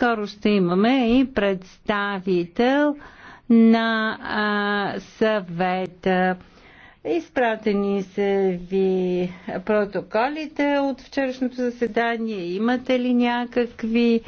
скоро ще имаме и представител на а, съвета. Изпратени са ви протоколите от вчерашното заседание. Имате ли някакви